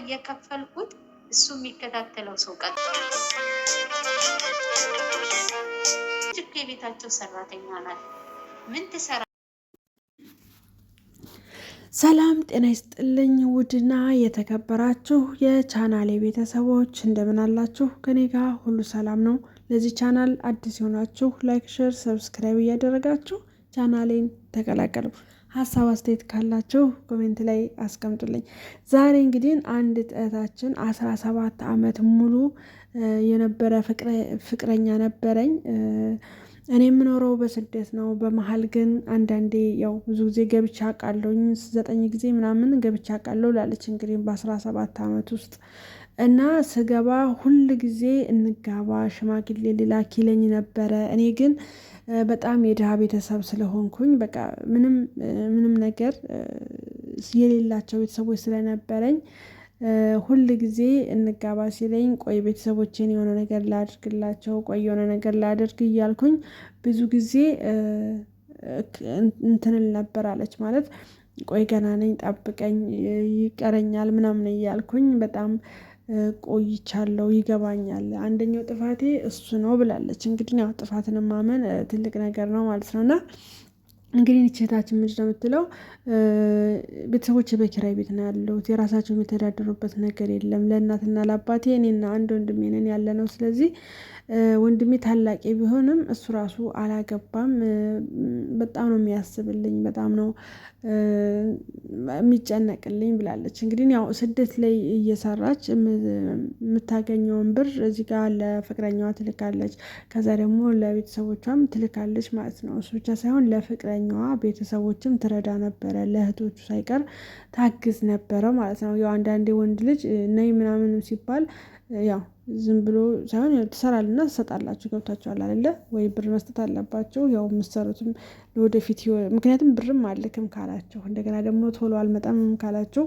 እየከፈልኩት እሱ የሚከታተለው ሰው ቀጥ የቤታቸው ሰራተኛ ናት። ምን ትሰራ? ሰላም ጤና ይስጥልኝ። ውድና የተከበራችሁ የቻናሌ ቤተሰቦች እንደምን አላችሁ? ከኔ ጋር ሁሉ ሰላም ነው። ለዚህ ቻናል አዲስ የሆናችሁ ላይክ፣ ሸር፣ ሰብስክራይብ እያደረጋችሁ ቻናሌን ተቀላቀሉ። ሀሳብ አስተያየት ካላችሁ ኮሜንት ላይ አስቀምጡልኝ። ዛሬ እንግዲህ አንድ ጥታችን አስራ ሰባት አመት ሙሉ የነበረ ፍቅረኛ ነበረኝ። እኔ የምኖረው በስደት ነው። በመሀል ግን አንዳንዴ ያው ብዙ ጊዜ ገብቻ አውቃለሁ፣ ዘጠኝ ጊዜ ምናምን ገብቻ አውቃለሁ ላለች እንግዲህ በአስራ ሰባት አመት ውስጥ እና ስገባ ሁል ጊዜ እንጋባ ሽማግሌ ሊላክ ይለኝ ነበረ። እኔ ግን በጣም የድሃ ቤተሰብ ስለሆንኩኝ በቃ ምንም ምንም ነገር የሌላቸው ቤተሰቦች ስለነበረኝ ሁል ጊዜ እንጋባ ሲለኝ ቆይ ቤተሰቦቼን የሆነ ነገር ላድርግላቸው፣ ቆይ የሆነ ነገር ላድርግ እያልኩኝ ብዙ ጊዜ እንትንል ነበር አለች ማለት ቆይ ገና ነኝ፣ ጠብቀኝ፣ ይቀረኛል ምናምን እያልኩኝ በጣም ቆይቻለሁ ይገባኛል አንደኛው ጥፋቴ እሱ ነው ብላለች። እንግዲህ ያው ጥፋትን ማመን ትልቅ ነገር ነው ማለት ነው። እና እንግዲህ ንችታችን እህታችን ነው የምትለው? ቤተሰቦች በኪራይ ቤት ነው ያለሁት የራሳቸው የተዳደሩበት ነገር የለም። ለእናትና ለአባቴ እኔና አንድ ወንድሜ ነን ነው። ስለዚህ ወንድሜ ታላቄ ቢሆንም እሱ ራሱ አላገባም። በጣም ነው የሚያስብልኝ በጣም ነው የሚጨነቅልኝ ብላለች። እንግዲህ ያው ስደት ላይ እየሰራች የምታገኘውን ብር እዚህ ጋር ለፍቅረኛዋ ትልካለች፣ ከዛ ደግሞ ለቤተሰቦቿም ትልካለች ማለት ነው። እሱ ብቻ ሳይሆን ለፍቅረኛዋ ቤተሰቦችም ትረዳ ነበረ፣ ለእህቶቹ ሳይቀር ታግዝ ነበረ ማለት ነው። ያው አንዳንዴ ወንድ ልጅ ነይ ምናምንም ሲባል ያው ዝም ብሎ ሳይሆን ትሰራልና ትሰጣላችሁ ገብታችኋል አይደለ ወይ ብር መስጠት አለባቸው ያው የምትሰሩትም ለወደፊት ምክንያቱም ብርም አልክም ካላቸው እንደገና ደግሞ ቶሎ አልመጣም ካላቸው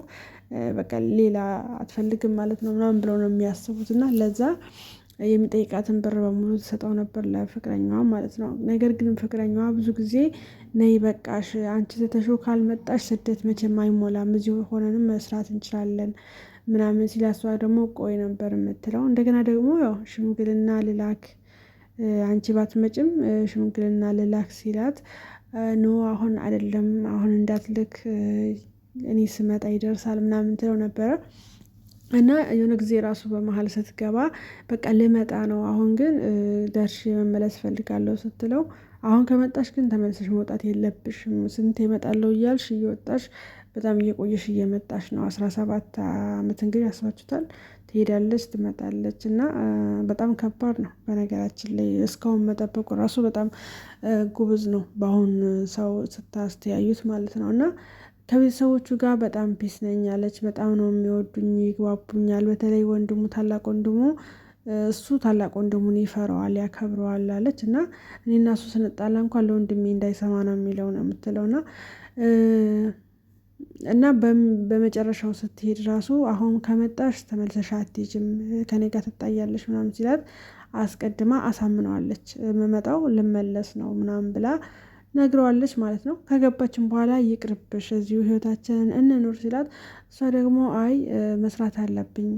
በቃ ሌላ አትፈልግም ማለት ነው ምናምን ብለው ነው የሚያስቡት እና ለዛ የሚጠይቃትን ብር በሙሉ ትሰጠው ነበር ለፍቅረኛዋ ማለት ነው ነገር ግን ፍቅረኛዋ ብዙ ጊዜ ነይ በቃሽ አንቺ ተተሾ ካልመጣሽ ስደት መቼም አይሞላም እዚሁ ሆነንም መስራት እንችላለን ምናምን ሲላሷ ደግሞ ቆይ ነበር የምትለው። እንደገና ደግሞ ያው ሽምግልና ልላክ አንቺ ባትመጭም ሽምግልና ልላክ ሲላት ኖ አሁን አይደለም አሁን እንዳትልክ እኔ ስመጣ ይደርሳል ምናምን ትለው ነበረ። እና የሆነ ጊዜ ራሱ በመሀል ስትገባ በቃ ልመጣ ነው አሁን ግን ደርሼ መመለስ ፈልጋለሁ ስትለው አሁን ከመጣሽ ግን ተመልሰሽ መውጣት የለብሽም ስንት ይመጣለው እያልሽ እየወጣሽ በጣም እየቆየሽ እየመጣሽ ነው። አስራ ሰባት አመት እንግዲህ አስባችሁታል። ትሄዳለች ትመጣለች እና በጣም ከባድ ነው። በነገራችን ላይ እስካሁን መጠበቁ ራሱ በጣም ጉብዝ ነው፣ በአሁን ሰው ስታስተያዩት ማለት ነው። እና ከቤተሰቦቹ ጋር በጣም ፒስ ነኝ አለች። በጣም ነው የሚወዱኝ፣ ይግባቡኛል። በተለይ ወንድሙ ታላቅ ወንድሙ እሱ ታላቅ ወንድሙን ይፈረዋል፣ ያከብረዋል አለች እና እኔና እሱ ስንጣላ እንኳን ለወንድሜ እንዳይሰማ ነው የሚለው ነው የምትለው እና እና በመጨረሻው ስትሄድ ራሱ አሁን ከመጣሽ ተመልሰሽ አትሄጂም ከኔ ጋር ትጣያለሽ ምናምን ሲላት አስቀድማ አሳምነዋለች። የምመጣው ልመለስ ነው ምናምን ብላ ነግረዋለች ማለት ነው። ከገባችን በኋላ ይቅርብሽ፣ እዚሁ ህይወታችንን እንኑር ሲላት እሷ ደግሞ አይ መስራት አለብኝ፣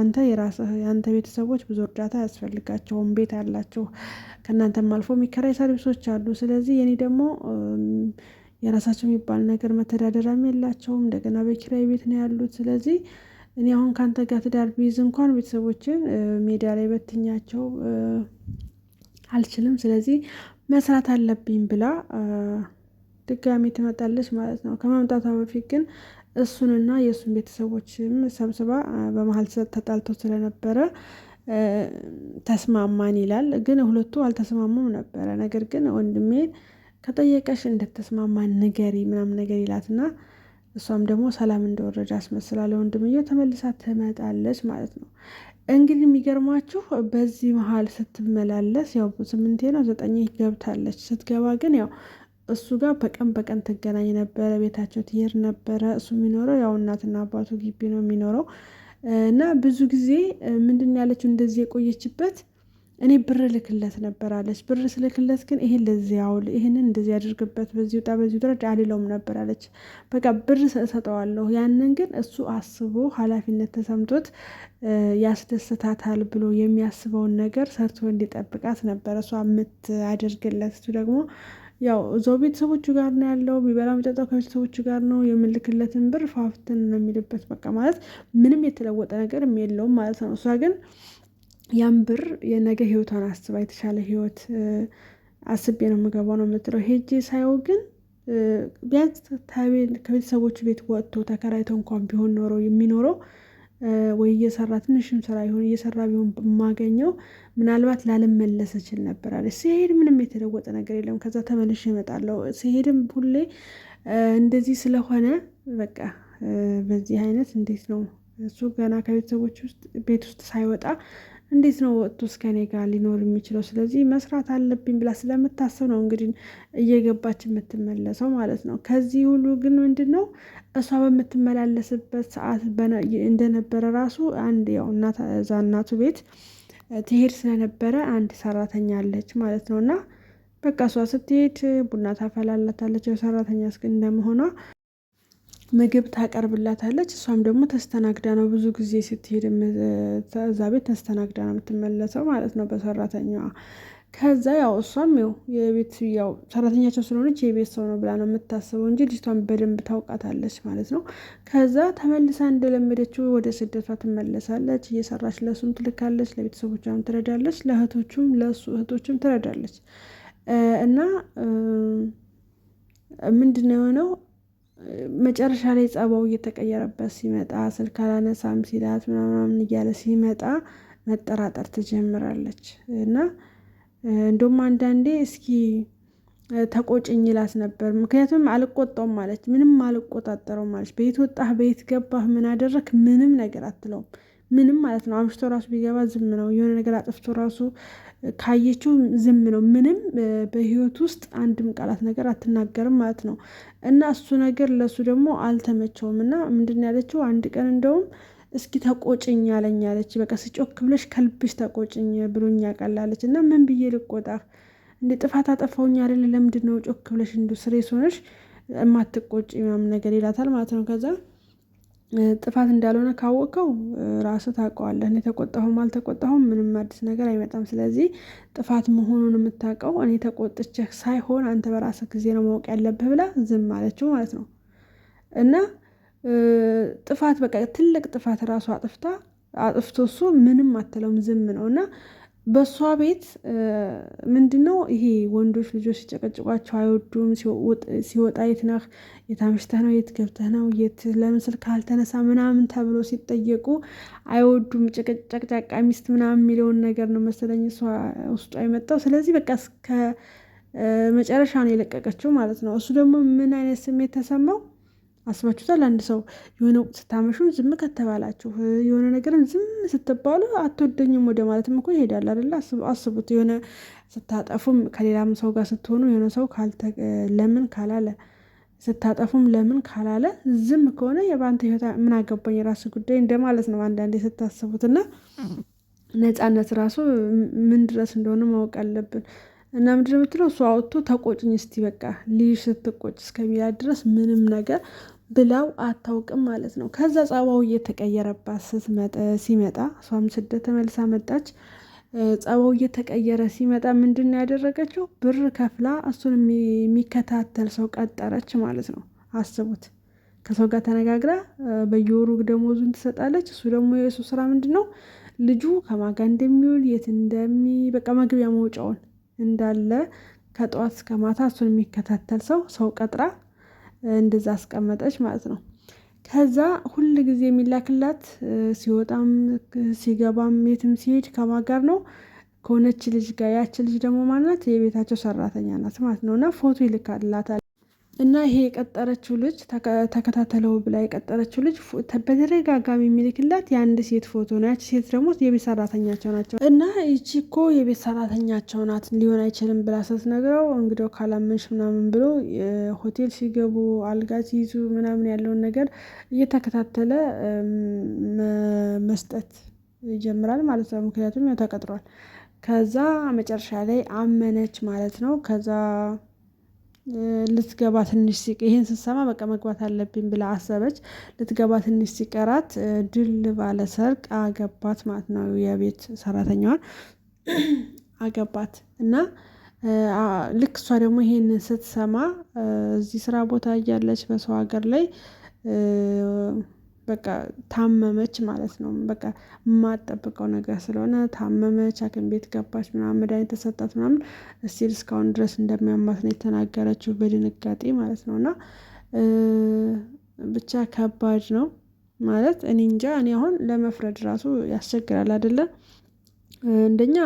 አንተ የራስህ የአንተ ቤተሰቦች ብዙ እርዳታ አያስፈልጋቸውም፣ ቤት አላቸው፣ ከእናንተም አልፎ የሚከራይ ሰርቪሶች አሉ። ስለዚህ የኔ ደግሞ የራሳቸው የሚባል ነገር መተዳደሪያም የላቸውም። እንደገና በኪራይ ቤት ነው ያሉት። ስለዚህ እኔ አሁን ከአንተ ጋር ትዳር ቢይዝ እንኳን ቤተሰቦችን ሜዳ ላይ በትኛቸው አልችልም፣ ስለዚህ መስራት አለብኝ ብላ ድጋሚ ትመጣለች ማለት ነው። ከመምጣቷ በፊት ግን እሱንና የእሱን ቤተሰቦችም ሰብስባ በመሀል ተጣልቶ ስለነበረ ተስማማን ይላል። ግን ሁለቱ አልተስማሙም ነበረ። ነገር ግን ወንድሜ ከጠየቀሽ እንደተስማማ ንገሪ ምናምን ነገር ይላትና እሷም ደግሞ ሰላም እንደወረደ አስመስላ ለወንድምየው ተመልሳ ትመጣለች ማለት ነው። እንግዲህ የሚገርማችሁ በዚህ መሀል ስትመላለስ ያው ስምንቴ ነው ዘጠኝ ገብታለች። ስትገባ ግን ያው እሱ ጋር በቀን በቀን ትገናኝ ነበረ፣ ቤታቸው ትሄድ ነበረ። እሱ የሚኖረው ያው እናትና አባቱ ግቢ ነው የሚኖረው እና ብዙ ጊዜ ምንድን ያለችው እንደዚህ የቆየችበት እኔ ብር ልክለት ነበር አለች። ብር ስልክለት ግን ይሄን ለዚህ ያውል ይህንን እንደዚህ ያድርግበት፣ በዚህ ውጣ፣ በዚህ ድረድ አልለውም ነበር አለች። በቃ ብር እሰጠዋለሁ፣ ያንን ግን እሱ አስቦ ኃላፊነት ተሰምቶት ያስደስታታል ብሎ የሚያስበውን ነገር ሰርቶ እንዲጠብቃት ነበር እሷ የምታደርግለት። እሱ ደግሞ ያው እዛው ቤተሰቦቹ ጋር ነው ያለው። ቢበላ የሚጠጣው ከቤተሰቦቹ ጋር ነው። የምልክለትን ብር ፋፍትን ነው የሚልበት። በቃ ማለት ምንም የተለወጠ ነገር የለውም ማለት ነው። እሷ ግን ያን ብር የነገ ህይወቷን አስባ የተሻለ ህይወት አስቤ ነው የምገባው ነው የምትለው። ሄጄ ሳየው ግን ቢያንስ ከቤተሰቦች ቤት ወጥቶ ተከራይቶ እንኳን ቢሆን ኖሮ የሚኖረው ወይ እየሰራ ትንሽም ስራ ይሆን እየሰራ ቢሆን የማገኘው ምናልባት ላልመለስ እችል ነበር አለች። ሲሄድ ምንም የተለወጠ ነገር የለም። ከዛ ተመልሼ እመጣለሁ። ሲሄድም ሁሌ እንደዚህ ስለሆነ በቃ በዚህ አይነት እንዴት ነው እሱ ገና ከቤተሰቦች ውስጥ ቤት ውስጥ ሳይወጣ እንዴት ነው ወጥቶ እስከ እኔ ጋር ሊኖር የሚችለው? ስለዚህ መስራት አለብኝ ብላ ስለምታስብ ነው እንግዲህ እየገባች የምትመለሰው ማለት ነው። ከዚህ ሁሉ ግን ምንድን ነው እሷ በምትመላለስበት ሰዓት እንደነበረ ራሱ አንድ ያው እዛ እናቱ ቤት ትሄድ ስለነበረ አንድ ሰራተኛ አለች ማለት ነው እና በቃ እሷ ስትሄድ ቡና ታፈላላታለች። ሰራተኛ እስክ እንደመሆኗ ምግብ ታቀርብላታለች። እሷም ደግሞ ተስተናግዳ ነው ብዙ ጊዜ ስትሄድ እዛ ቤት ተስተናግዳ ነው የምትመለሰው ማለት ነው በሰራተኛዋ። ከዛ ያው እሷም ው የቤት ያው ሰራተኛቸው ስለሆነች የቤት ሰው ነው ብላ ነው የምታስበው እንጂ ልጅቷን በደንብ ታውቃታለች ማለት ነው። ከዛ ተመልሳ እንደለመደችው ወደ ስደቷ ትመለሳለች። እየሰራች ለእሱም ትልካለች፣ ለቤተሰቦቿም ትረዳለች፣ ለእህቶቹም ለእሱ እህቶችም ትረዳለች እና ምንድን ነው የሆነው መጨረሻ ላይ ጸባው እየተቀየረበት ሲመጣ ስልክ አላነሳም ሲላት ምናምን እያለ ሲመጣ መጠራጠር ትጀምራለች። እና እንደውም አንዳንዴ እስኪ ተቆጭኝ ይላት ነበር። ምክንያቱም አልቆጣውም ማለች፣ ምንም አልቆጣጠረው ማለች። በየት ወጣህ፣ በየት ገባህ፣ ምን አደረክ፣ ምንም ነገር አትለውም። ምንም ማለት ነው። አምሽቶ ራሱ ቢገባ ዝም ነው። የሆነ ነገር አጥፍቶ ራሱ ካየችው ዝም ነው። ምንም በህይወት ውስጥ አንድም ቃላት ነገር አትናገርም ማለት ነው። እና እሱ ነገር ለእሱ ደግሞ አልተመቸውም። እና ምንድን ያለችው አንድ ቀን እንደውም እስኪ ተቆጭኝ አለኝ አለች። በቃ ስጮክ ብለሽ ከልብሽ ተቆጭኝ ብሎኝ ያቀላለች እና ምን ብዬ ልቆጣ እንደ ጥፋት አጠፋውኝ አይደለ? ለምንድን ነው ጮክ ብለሽ እንዱ ስሬ ሆነሽ የማትቆጭ ምናምን ነገር ይላታል ማለት ነው ከዛ ጥፋት እንዳልሆነ ካወቀው ራስህ ታውቀዋለህ እኔ ተቆጣሁም አልተቆጣሁም ምንም አዲስ ነገር አይመጣም። ስለዚህ ጥፋት መሆኑን የምታውቀው እኔ ተቆጥቼህ ሳይሆን አንተ በራስህ ጊዜ ነው ማወቅ ያለብህ ብላ ዝም አለችው ማለት ነው። እና ጥፋት በቃ ትልቅ ጥፋት ራሱ አጥፍታ አጥፍቶ እሱ ምንም አትለውም ዝም ነው እና በእሷ ቤት ምንድነው ይሄ ወንዶች ልጆች ሲጨቀጭቋቸው አይወዱም። ሲወጣ የት ነህ የታምሽተህ ነው የት ገብተህ ነው የት ለምን ስልክ አልተነሳ ምናምን ተብሎ ሲጠየቁ አይወዱም። ጨቅጨቅጫቃ ሚስት ምናምን የሚለውን ነገር ነው መሰለኝ እሷ ውስጡ አይመጣው። ስለዚህ በቃ እስከ መጨረሻ ነው የለቀቀችው ማለት ነው። እሱ ደግሞ ምን አይነት ስሜት ተሰማው? አስባችሁታል? አንድ ሰው የሆነ ስታመሹ ዝም ከተባላችሁ የሆነ ነገርን ዝም ስትባሉ አትወደኝም ወደ ማለትም እኮ ይሄዳል አይደለ? አስቡት። የሆነ ስታጠፉም ከሌላም ሰው ጋር ስትሆኑ የሆነ ሰው ለምን ካላለ ስታጠፉም ለምን ካላለ ዝም ከሆነ የባንተ ህይወት ምን አገባኝ የራስ ጉዳይ እንደማለት ነው። አንዳንዴ ስታስቡትና ነፃነት ራሱ ምን ድረስ እንደሆነ ማወቅ አለብን። እና ምንድን ነው የምትለው እሷ ወጥቶ ተቆጭኝ እስቲ በቃ ልይሽ ስትቆጭ እስከሚላት ድረስ ምንም ነገር ብላው አታውቅም ማለት ነው። ከዛ ጸባው እየተቀየረባት ስትመጣ ሲመጣ እሷም ስደት ተመልሳ መጣች። ጸባው እየተቀየረ ሲመጣ ምንድን ነው ያደረገችው? ብር ከፍላ እሱን የሚከታተል ሰው ቀጠረች ማለት ነው። አስቡት። ከሰው ጋር ተነጋግራ በየወሩ ደሞዙን ትሰጣለች። እሱ ደግሞ የእሱ ስራ ምንድን ነው ልጁ ከማጋ እንደሚውል የት እንደሚ በቃ መግቢያ መውጫውን እንዳለ ከጠዋት እስከ ማታ እሱን የሚከታተል ሰው ሰው ቀጥራ እንደዛ አስቀመጠች ማለት ነው። ከዛ ሁል ጊዜ የሚላክላት ሲወጣም ሲገባም የትም ሲሄድ ከማን ጋር ነው? ከሆነች ልጅ ጋር ያች ልጅ ደግሞ ማናት የቤታቸው ሰራተኛ ናት ማለት ነው። እና ፎቶ ይልካላታል እና ይሄ የቀጠረችው ልጅ ተከታተለው ብላ የቀጠረችው ልጅ በተደጋጋሚ የሚልክላት የአንድ ሴት ፎቶ ነው። ያቺ ሴት ደግሞ የቤት ሰራተኛቸው ናቸው። እና ይቺ እኮ የቤት ሰራተኛቸው ናት ሊሆን አይችልም ብላ ስትነግረው እንግዲያው ካላመንሽ ምናምን ብሎ ሆቴል ሲገቡ አልጋ ሲይዙ ምናምን ያለውን ነገር እየተከታተለ መስጠት ይጀምራል ማለት ነው። ምክንያቱም ተቀጥሯል። ከዛ መጨረሻ ላይ አመነች ማለት ነው። ከዛ ልትገባ ትንሽ ሲቅ ይህን ስትሰማ በቃ መግባት አለብኝ ብላ አሰበች። ልትገባ ትንሽ ሲቀራት ድል ባለ ሰርግ አገባት ማለት ነው። የቤት ሰራተኛዋን አገባት እና ልክ እሷ ደግሞ ይህን ስትሰማ እዚህ ስራ ቦታ እያለች በሰው ሀገር ላይ በቃ ታመመች ማለት ነው። በቃ የማጠብቀው ነገር ስለሆነ ታመመች፣ ሐኪም ቤት ገባች፣ ምናምን መድኃኒት ተሰጣት ምናምን እስቲል እስካሁን ድረስ እንደሚያማት ነው የተናገረችው በድንጋጤ ማለት ነው። እና ብቻ ከባድ ነው ማለት እኔ እንጃ እኔ አሁን ለመፍረድ ራሱ ያስቸግራል አይደለ? አንደኛ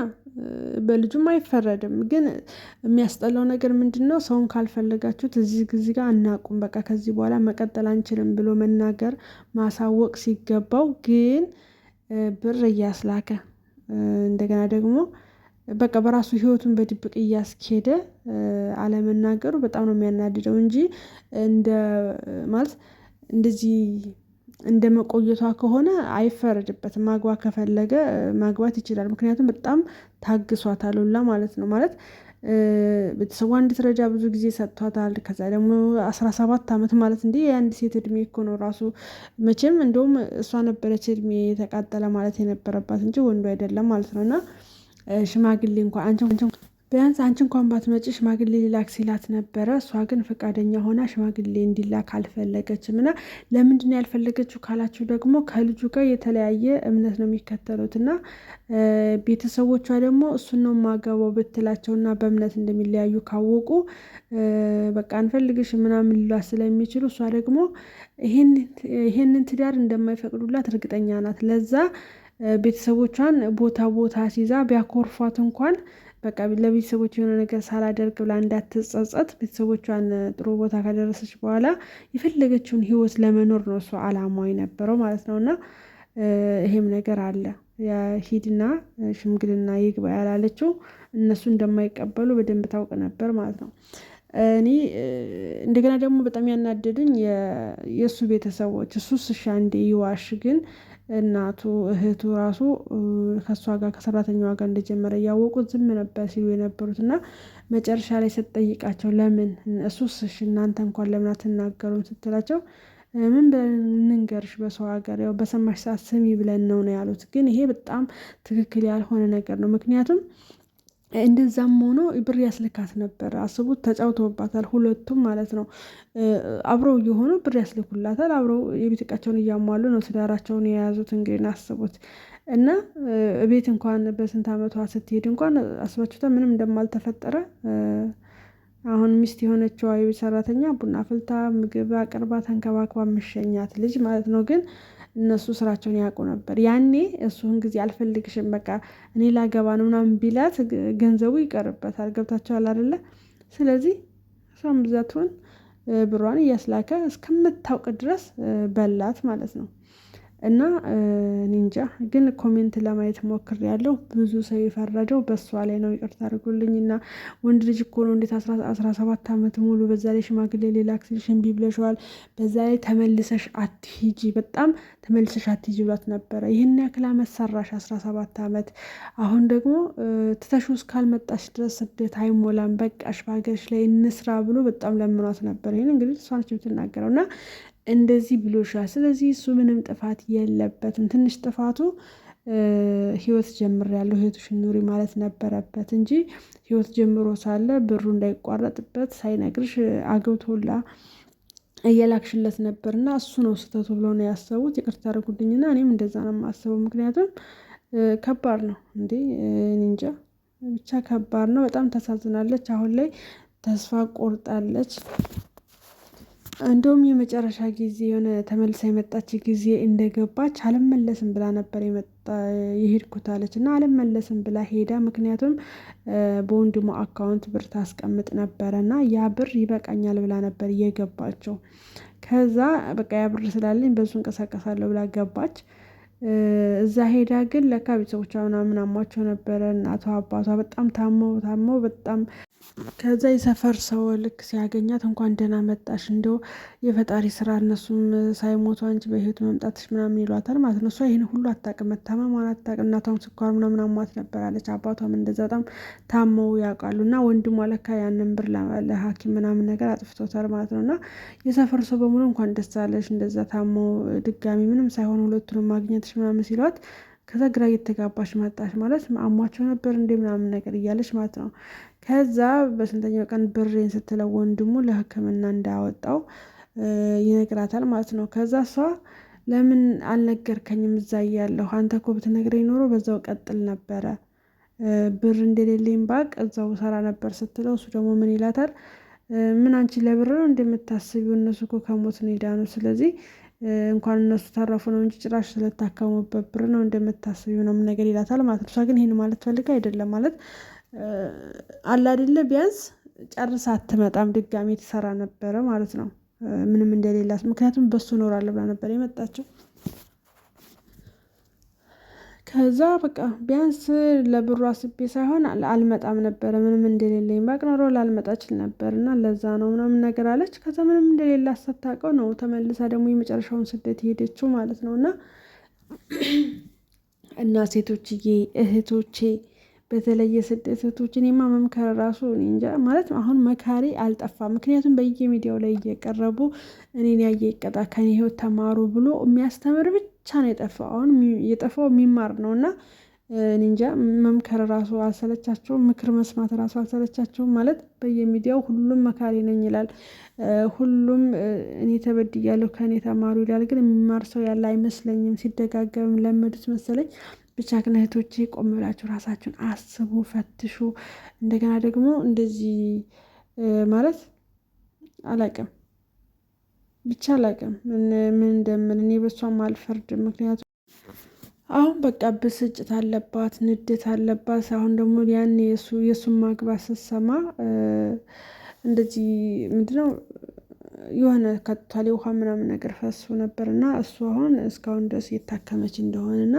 በልጁም አይፈረድም። ግን የሚያስጠላው ነገር ምንድን ነው? ሰውን ካልፈለጋችሁት እዚህ ጊዜ ጋር አናቁም፣ በቃ ከዚህ በኋላ መቀጠል አንችልም ብሎ መናገር ማሳወቅ ሲገባው ግን ብር እያስላከ እንደገና ደግሞ በቃ በራሱ ህይወቱን በድብቅ እያስኬደ አለመናገሩ በጣም ነው የሚያናድደው እንጂ እንደ ማለት እንደዚህ እንደመቆየቷ ከሆነ አይፈረድበትም። ማግባ ከፈለገ ማግባት ይችላል። ምክንያቱም በጣም ታግሷታል ሁላ ማለት ነው ማለት ቤተሰቧ እንድትረጃ ብዙ ጊዜ ሰጥቷታል። ከዛ ደግሞ አስራ ሰባት ዓመት ማለት እንዲ የአንድ ሴት እድሜ እኮ ነው ራሱ መቼም እንደውም እሷ ነበረች እድሜ የተቃጠለ ማለት የነበረባት እንጂ ወንዱ አይደለም ማለት ነው እና ሽማግሌ እንኳ አንቺ ቢያንስ አንቺ እንኳን ባትመጪ ሽማግሌ ሊላክ ሲላት ነበረ። እሷ ግን ፈቃደኛ ሆና ሽማግሌ እንዲላክ አልፈለገችም። እና ለምንድን ያልፈለገችው ካላችሁ ደግሞ ከልጁ ጋር የተለያየ እምነት ነው የሚከተሉት እና ቤተሰቦቿ ደግሞ እሱን ነው ማገባው ብትላቸው እና በእምነት እንደሚለያዩ ካወቁ በቃ አንፈልግሽ ምናምን ሊሏት ስለሚችሉ እሷ ደግሞ ይሄንን ትዳር እንደማይፈቅዱላት እርግጠኛ ናት። ለዛ ቤተሰቦቿን ቦታ ቦታ ሲዛ ቢያኮርፏት እንኳን በቃ ለቤተሰቦች የሆነ ነገር ሳላደርግ ብላ እንዳትጸጸት ቤተሰቦቿን ጥሩ ቦታ ከደረሰች በኋላ የፈለገችውን ህይወት ለመኖር ነው እሱ አላማው የነበረው ማለት ነው። እና ይሄም ነገር አለ ሂድና ሽምግልና ይግባ ያላለችው እነሱ እንደማይቀበሉ በደንብ ታውቅ ነበር ማለት ነው። እኔ እንደገና ደግሞ በጣም ያናደዱኝ የእሱ ቤተሰቦች እሱ ስሻ አንዴ ይዋሽ ግን እናቱ እህቱ ራሱ ከእሷ ጋር ከሰራተኛዋ ጋር እንደጀመረ እያወቁት ዝም ነበር ሲሉ የነበሩት እና መጨረሻ ላይ ስትጠይቃቸው ለምን እሱስ እናንተ እንኳን ለምን አትናገሩም ስትላቸው ምን ብለን እንንገርሽ በሰው ሀገር ያው በሰማሽ ሰዓት ስሚ ብለን ነው ነው ያሉት። ግን ይሄ በጣም ትክክል ያልሆነ ነገር ነው። ምክንያቱም እንደዛም ሆኖ ብር ያስልካት ነበር። አስቡት ተጫውተውባታል፣ ሁለቱም ማለት ነው። አብረው እየሆኑ ብር ያስልኩላታል፣ አብረው የቤት እቃቸውን እያሟሉ ነው ትዳራቸውን የያዙት። እንግዲህ አስቡት እና ቤት እንኳን በስንት ዓመቷ ስትሄድ እንኳን አስባችሁታ ምንም እንደማልተፈጠረ አሁን ሚስት የሆነችዋ የቤት ሰራተኛ ቡና ፍልታ፣ ምግብ አቅርባ ተንከባክባ ምሸኛት ልጅ ማለት ነው ግን እነሱ ስራቸውን ያውቁ ነበር። ያኔ እሱን ጊዜ አልፈልግሽም በቃ እኔ ላገባ ነው ምናምን ቢላት ገንዘቡ ይቀርበታል። ገብታችኋል አይደለ? ስለዚህ እሷም ብዛቱን ብሯን እያስላከ እስከምታውቅ ድረስ በላት ማለት ነው። እና ኒንጃ ግን ኮሜንት ለማየት ሞክር ያለው ብዙ ሰው የፈረደው በእሷ ላይ ነው። ይቅርታ አድርጉልኝ እና ወንድ ልጅ እኮ ነው እንዴት አስራ ሰባት ዓመት ሙሉ በዛ ላይ ሽማግሌ ሌላ ክስልሽ እምቢ ብለሽዋል፣ በዛ ላይ ተመልሰሽ አትሂጂ፣ በጣም ተመልሰሽ አትሂጂ ብሏት ነበረ። ይህን ያክል ዓመት ሰራሽ አስራ ሰባት ዓመት አሁን ደግሞ ትተሹ እስካልመጣሽ ድረስ ስደት አይሞላም፣ በቃሽ፣ በሀገርሽ ላይ እንስራ ብሎ በጣም ለምኗት ነበር። ይህን እንግዲህ እሷ ነች የምትናገረው እና እንደዚህ ብሎሻል፣ ስለዚህ እሱ ምንም ጥፋት የለበትም። ትንሽ ጥፋቱ ህይወት ጀምር ያለው ህይወትሽን ኑሪ ማለት ነበረበት እንጂ ህይወት ጀምሮ ሳለ ብሩ እንዳይቋረጥበት ሳይነግርሽ አግብቶላ እየላክሽለት ነበር እና እሱ ነው ስህተቱ ብለው ነው ያሰቡት። ይቅርታ አድርጉልኝና እኔም እንደዛ ነው የማስበው። ምክንያቱም ከባድ ነው እንዴ እንጃ ብቻ ከባድ ነው። በጣም ተሳዝናለች። አሁን ላይ ተስፋ ቆርጣለች። እንደውም የመጨረሻ ጊዜ የሆነ ተመልሳ የመጣች ጊዜ እንደገባች አልመለስም ብላ ነበር የሄድኩት አለች እና አልመለስም ብላ ሄዳ፣ ምክንያቱም በወንድሞ አካውንት ብር ታስቀምጥ ነበረ እና ያ ብር ይበቃኛል ብላ ነበር የገባቸው። ከዛ በቃ ያ ብር ስላለኝ በሱ እንቀሳቀሳለሁ ብላ ገባች። እዛ ሄዳ ግን ለካ ቤተሰቦቿ ምናምን አሟቸው ነበረ። እናቷ አባቷ በጣም ታመው ታመው በጣም ከዛ የሰፈር ሰው ልክ ሲያገኛት እንኳን ደህና መጣሽ፣ እንደው የፈጣሪ ስራ እነሱም ሳይሞቱ አንቺ በህይወት መምጣትሽ ምናምን ይሏታል ማለት ነው። እሷ ይህን ሁሉ አታውቅም፣ መታመሟን አታውቅም። እናቷም ስኳር ምናምን አሟት ነበራለች፣ አባቷም እንደዛ በጣም ታመው ያውቃሉ። እና ወንድሟ ለካ ያንን ብር ለሐኪም ምናምን ነገር አጥፍቶታል ማለት ነው። እና የሰፈር ሰው በሙሉ እንኳን ደስ አለሽ፣ እንደዛ ታመው ድጋሚ ምንም ሳይሆን ሁለቱንም ማግኘትሽ ምናምን ሲሏት ከዛ ግራ እየተጋባሽ መጣች ማለት አሟቸው ነበር እንደ ምናምን ነገር እያለች ማለት ነው። ከዛ በስንተኛው ቀን ብሬን ስትለው ወንድሙ ለሕክምና እንዳወጣው ይነግራታል ማለት ነው። ከዛ እሷ ለምን አልነገርከኝም? እዛ እያለሁ አንተ እኮ ብትነግረኝ ኖሮ በዛው ቀጥል ነበረ ብር እንደሌለኝ ባቅ እዛው ሰራ ነበር ስትለው እሱ ደግሞ ምን ይላታል? ምን አንቺ ለብር ነው እንደምታስቢው? እነሱ እኮ ከሞት ነው የዳኑ። ስለዚህ እንኳን እነሱ ተረፉ ነው እንጂ ጭራሽ ስለታከሙበት ብር ነው እንደምታስቢ ነው ነገር ይላታል ማለት ነው። እሷ ግን ይሄን ማለት ፈልግ አይደለም ማለት አለ አይደለ ቢያንስ ጨርስ አትመጣም ድጋሚ የተሰራ ነበረ ማለት ነው። ምንም እንደሌላት ምክንያቱም በሱ እኖራለሁ ብላ ነበር የመጣችው ከዛ በቃ ቢያንስ ለብሩ አስቤ ሳይሆን አልመጣም ነበረ ምንም እንደሌለኝ በቅኖሮ ላልመጣችል ነበር እና ለዛ ነው ምናምን ነገር አለች። ከዛ ምንም እንደሌለ አሳታውቀው ነው ተመልሳ ደግሞ የመጨረሻውን ስደት የሄደችው ማለት ነው እና እና ሴቶችዬ፣ እህቶቼ በተለየ ስደት እህቶች እኔማ መምከር ራሱ እንጃ ማለት አሁን መካሪ አልጠፋ። ምክንያቱም በየሚዲያው ላይ እየቀረቡ እኔን ያየ ይቀጣ ከኔ ህይወት ተማሩ ብሎ የሚያስተምር ብቻ ብቻ ነው የጠፋው። አሁን የጠፋው የሚማር ነው እና ኒንጃ መምከር ራሱ አልሰለቻቸውም፣ ምክር መስማት ራሱ አልሰለቻቸውም። ማለት በየሚዲያው ሁሉም መካሪ ነኝ ይላል፣ ሁሉም እኔ ተበድያለሁ ከእኔ ተማሩ ይላል። ግን የሚማር ሰው ያለ አይመስለኝም። ሲደጋገም ለመዱት መሰለኝ። ብቻ ግን እህቶቼ ቆም ብላችሁ ራሳችሁን አስቡ፣ ፈትሹ። እንደገና ደግሞ እንደዚህ ማለት አላቅም ብቻ አላውቅም ምን እንደምን እኔ በሷም አልፈርድም። ምክንያቱም አሁን በቃ ብስጭት አለባት፣ ንዴት አለባት። አሁን ደግሞ ያን የእሱን ማግባት ስትሰማ እንደዚህ ምንድነው የሆነ ከቷል ውሃ ምናምን ነገር ፈሶ ነበር እና እሱ አሁን እስካሁን ድረስ እየታከመች እንደሆነ እና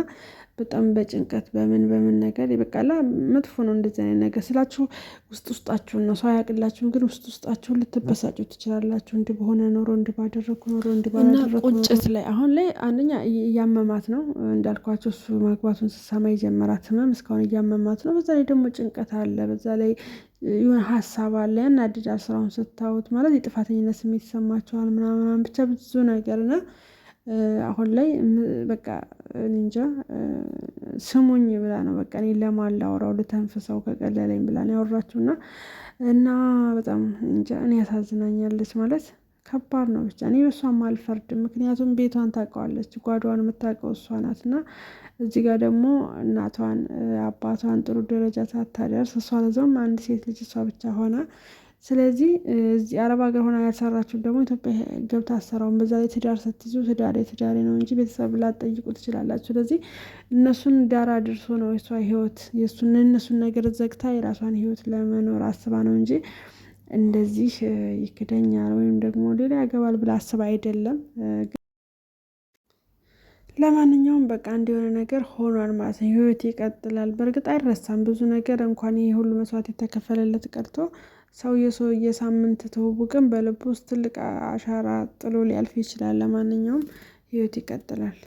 በጣም በጭንቀት በምን በምን ነገር ይበቃላ መጥፎ ነው። እንደዚህ አይነት ነገር ስላችሁ ውስጥ ውስጣችሁን ነው ሰው አያውቅላችሁም፣ ግን ውስጥ ውስጣችሁን ልትበሳጩ ትችላላችሁ። እንዲህ በሆነ ኖሮ እንዲህ ባደረግኩ ኖሮ እንዲህ ባደረግኩ ቁጭት ላይ አሁን ላይ አንደኛ እያመማት ነው እንዳልኳቸው፣ እሱ ማግባቱን ስሰማ የጀመራት ህመም እስካሁን እያመማት ነው። በዛ ላይ ደግሞ ጭንቀት አለ። በዛ ላይ የሆነ ሀሳብ አለ ያናድዳል። ስራውን ስታዩት ማለት የጥፋተኝነት ስሜት ይሰማቸዋል ምናምናም ብቻ ብዙ ነገር እና አሁን ላይ በቃ እንጃ ስሙኝ ብላ ነው በቃ እኔ ለማላወራው ልተንፍሰው ከቀለለኝ ብላ ነው ያወራችሁ እና እና በጣም እንጃ እኔ ያሳዝናኛለች ማለት ከባድ ነው። ብቻ እኔ እሷም አልፈርድም፣ ምክንያቱም ቤቷን ታውቀዋለች፣ ጓዷን የምታውቀው እሷ ናት። እና እዚህ ጋር ደግሞ እናቷን አባቷን ጥሩ ደረጃ ሳታደርስ እሷ ለዛውም አንድ ሴት ልጅ እሷ ብቻ ሆና ስለዚህ እዚህ አረብ ሀገር ሆና ያልሰራችሁ ደግሞ ኢትዮጵያ ገብታ አሰራውን በዛ ላይ ትዳር ስትይዙ ትዳር ትዳሬ ነው እንጂ ቤተሰብ ላትጠይቁ ትችላላችሁ። ስለዚህ እነሱን ዳር አድርሶ ነው የሷ ህይወት የእሱን እነሱን ነገር ዘግታ የራሷን ህይወት ለመኖር አስባ ነው እንጂ እንደዚህ ይክደኛል ወይም ደግሞ ሌላ ያገባል ብላ አስባ አይደለም። ለማንኛውም በቃ የሆነ ነገር ሆኗል ማለት ነው። ህይወት ይቀጥላል። በእርግጥ አይረሳም ብዙ ነገር እንኳን ይህ ሁሉ መስዋዕት የተከፈለለት ቀርቶ ሰው የሳምንት ትውቡ ግን በልብ ውስጥ ትልቅ አሻራ ጥሎ ሊያልፍ ይችላል። ለማንኛውም ህይወት ይቀጥላል።